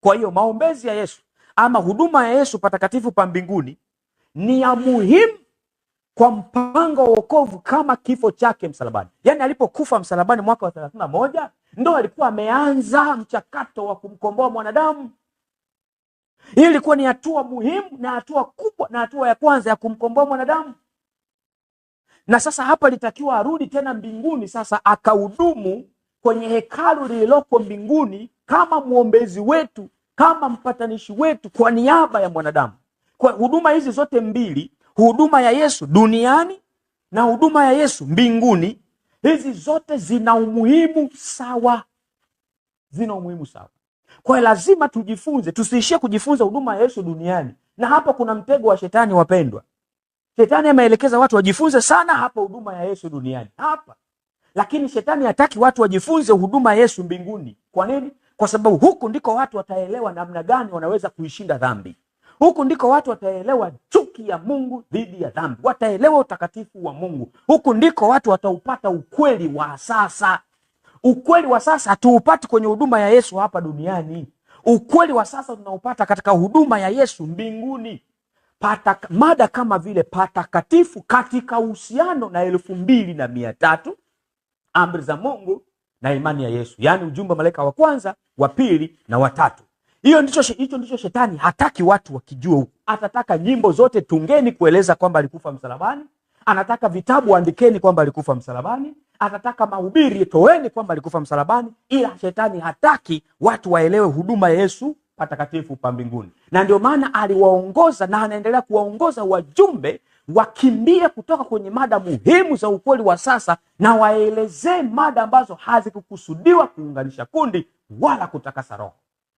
Kwa hiyo maombezi ya Yesu ama huduma ya Yesu patakatifu pa mbinguni ni ya muhimu kwa mpango wa wokovu kama kifo chake msalabani. Yaani alipokufa msalabani mwaka wa thelathini na moja ndo alikuwa ameanza mchakato wa kumkomboa mwanadamu. Hii ilikuwa ni hatua muhimu na hatua kubwa na hatua ya kwanza ya kumkomboa mwanadamu, na sasa hapa alitakiwa arudi tena mbinguni, sasa akahudumu kwenye hekalu lililoko mbinguni kama mwombezi wetu kama mpatanishi wetu kwa niaba ya mwanadamu. Kwa huduma hizi zote mbili, huduma ya Yesu duniani na huduma ya Yesu mbinguni, hizi zote zina umuhimu sawa, zina umuhimu sawa. Kwa hiyo lazima tujifunze, tusiishie kujifunza huduma ya Yesu duniani. Na hapa kuna mtego wa shetani, wapendwa. Shetani ameelekeza watu wajifunze sana hapa huduma ya Yesu duniani hapa, lakini shetani hataki watu wajifunze huduma ya Yesu mbinguni. Kwa nini? kwa sababu huku ndiko watu wataelewa namna gani wanaweza kuishinda dhambi. Huku ndiko watu wataelewa chuki ya Mungu dhidi ya dhambi, wataelewa utakatifu wa Mungu. Huku ndiko watu wataupata ukweli wa sasa. Ukweli wa sasa hatuupati kwenye huduma ya Yesu hapa duniani. Ukweli wa sasa tunaupata katika huduma ya Yesu mbinguni. Pata, mada kama vile patakatifu katika uhusiano na elfu mbili na mia tatu amri za Mungu na imani ya Yesu, yaani ujumbe wa malaika wa kwanza wa pili na watatu. Hiyo ndicho hicho ndicho shetani hataki watu wakijua huko. Atataka nyimbo zote tungeni kueleza kwamba alikufa msalabani, anataka vitabu andikeni kwamba alikufa msalabani, anataka mahubiri toeni kwamba alikufa msalabani, ila shetani hataki watu waelewe huduma ya Yesu patakatifu pa mbinguni, na ndio maana aliwaongoza na anaendelea kuwaongoza wajumbe wakimbie kutoka kwenye mada muhimu za ukweli wa sasa na waelezee mada ambazo hazikukusudiwa kuunganisha kundi wala kutakasa roho.